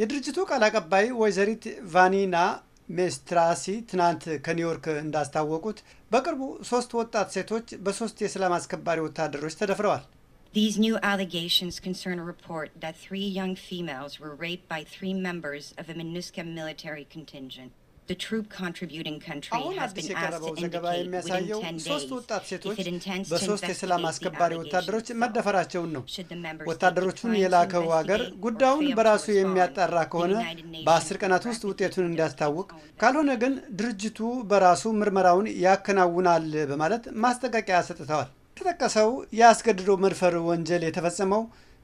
የድርጅቱ ቃል አቀባይ ወይዘሪት ቫኒና ሜስትራሲ ትናንት ከኒውዮርክ እንዳስታወቁት በቅርቡ ሶስት ወጣት ሴቶች በሶስት የሰላም አስከባሪ ወታደሮች ተደፍረዋል። These new allegations concern a report that three young females were raped by three members of a MINUSCA military contingent. አሁን አዲስ የቀረበው ዘገባ የሚያሳየው ሶስት ወጣት ሴቶች በሶስት የሰላም አስከባሪ ወታደሮች መደፈራቸውን ነው። ወታደሮቹን የላከው ሀገር ጉዳዩን በራሱ የሚያጣራ ከሆነ በአስር ቀናት ውስጥ ውጤቱን እንዲያስታውቅ፣ ካልሆነ ግን ድርጅቱ በራሱ ምርመራውን ያከናውናል በማለት ማስጠንቀቂያ ሰጥተዋል። የተጠቀሰው የአስገድዶ መድፈር ወንጀል የተፈጸመው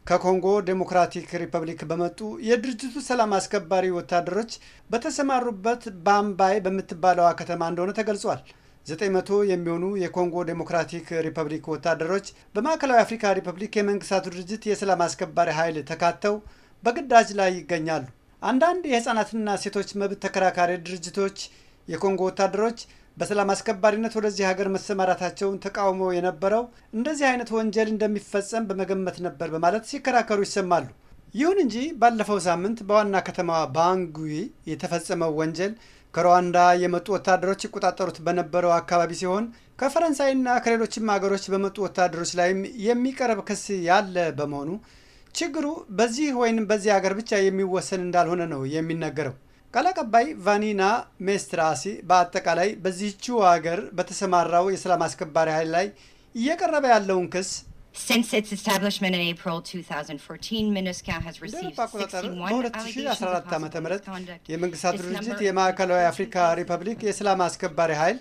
ከኮንጎ ዴሞክራቲክ ሪፐብሊክ በመጡ የድርጅቱ ሰላም አስከባሪ ወታደሮች በተሰማሩበት ባምባይ በምትባለዋ ከተማ እንደሆነ ተገልጿል። 900 የሚሆኑ የኮንጎ ዴሞክራቲክ ሪፐብሊክ ወታደሮች በማዕከላዊ አፍሪካ ሪፐብሊክ የመንግስታቱ ድርጅት የሰላም አስከባሪ ኃይል ተካተው በግዳጅ ላይ ይገኛሉ። አንዳንድ የህፃናትና ሴቶች መብት ተከራካሪ ድርጅቶች የኮንጎ ወታደሮች በሰላም አስከባሪነት ወደዚህ ሀገር መሰማራታቸውን ተቃውሞ የነበረው እንደዚህ አይነት ወንጀል እንደሚፈጸም በመገመት ነበር በማለት ሲከራከሩ ይሰማሉ። ይሁን እንጂ ባለፈው ሳምንት በዋና ከተማዋ ባንጉዊ የተፈጸመው ወንጀል ከሩዋንዳ የመጡ ወታደሮች ይቆጣጠሩት በነበረው አካባቢ ሲሆን ከፈረንሳይና ከሌሎችም ሀገሮች በመጡ ወታደሮች ላይም የሚቀርብ ክስ ያለ በመሆኑ ችግሩ በዚህ ወይም በዚህ ሀገር ብቻ የሚወሰን እንዳልሆነ ነው የሚነገረው። ቃል አቀባይ ቫኒና ሜስትራሲ በአጠቃላይ በዚህችው ሀገር በተሰማራው የሰላም አስከባሪ ኃይል ላይ እየቀረበ ያለውን ክስ በአቆጣጠር በ2014 ዓ ም የመንግስታቱ ድርጅት የማዕከላዊ አፍሪካ ሪፐብሊክ የሰላም አስከባሪ ኃይል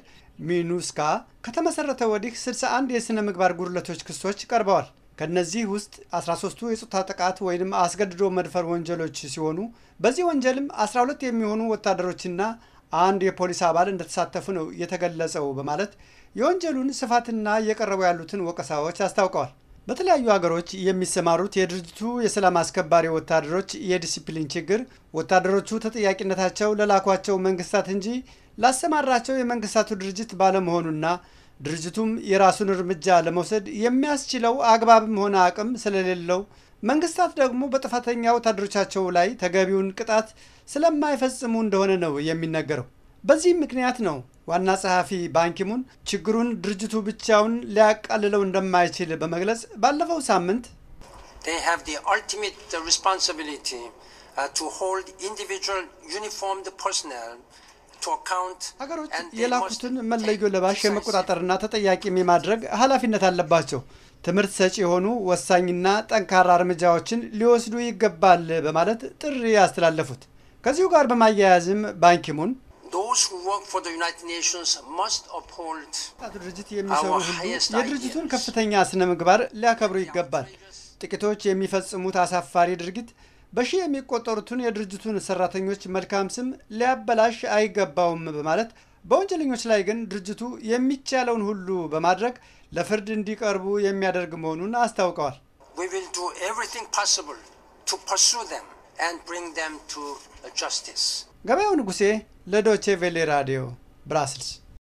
ሚኑስካ ከተመሰረተ ወዲህ 61 የሥነ ምግባር ጉድለቶች ክሶች ቀርበዋል። ከነዚህ ውስጥ 13ቱ የጾታ ጥቃት ወይም አስገድዶ መድፈር ወንጀሎች ሲሆኑ በዚህ ወንጀልም 12 የሚሆኑ ወታደሮችና አንድ የፖሊስ አባል እንደተሳተፉ ነው የተገለጸው በማለት የወንጀሉን ስፋትና እየቀረቡ ያሉትን ወቀሳዎች አስታውቀዋል። በተለያዩ ሀገሮች የሚሰማሩት የድርጅቱ የሰላም አስከባሪ ወታደሮች የዲሲፕሊን ችግር ወታደሮቹ ተጠያቂነታቸው ለላኳቸው መንግስታት እንጂ ላሰማራቸው የመንግስታቱ ድርጅት ባለመሆኑና ድርጅቱም የራሱን እርምጃ ለመውሰድ የሚያስችለው አግባብም ሆነ አቅም ስለሌለው መንግስታት ደግሞ በጥፋተኛ ወታደሮቻቸው ላይ ተገቢውን ቅጣት ስለማይፈጽሙ እንደሆነ ነው የሚነገረው። በዚህም ምክንያት ነው ዋና ጸሐፊ ባንኪሙን ችግሩን ድርጅቱ ብቻውን ሊያቃልለው እንደማይችል በመግለጽ ባለፈው ሳምንት ሪስፖንሲቢሊቲ ቱ ሆልድ ኢንዲቪጁዋል ዩኒፎርምድ ፐርሰናል ሀገሮች የላኩትን መለዮ ለባሽ የመቆጣጠርና ተጠያቂም የማድረግ ኃላፊነት አለባቸው። ትምህርት ሰጪ የሆኑ ወሳኝና ጠንካራ እርምጃዎችን ሊወስዱ ይገባል በማለት ጥሪ ያስተላለፉት። ከዚሁ ጋር በማያያዝም ባንኪሙን ድርጅት የሚሰሩ ሁሉ የድርጅቱን ከፍተኛ ስነ ምግባር ሊያከብሩ ይገባል። ጥቂቶች የሚፈጽሙት አሳፋሪ ድርጊት በሺህ የሚቆጠሩትን የድርጅቱን ሰራተኞች መልካም ስም ሊያበላሽ አይገባውም በማለት በወንጀለኞች ላይ ግን ድርጅቱ የሚቻለውን ሁሉ በማድረግ ለፍርድ እንዲቀርቡ የሚያደርግ መሆኑን አስታውቀዋል። ገበያው ንጉሴ ለዶቼ ቬሌ ራዲዮ ብራስልስ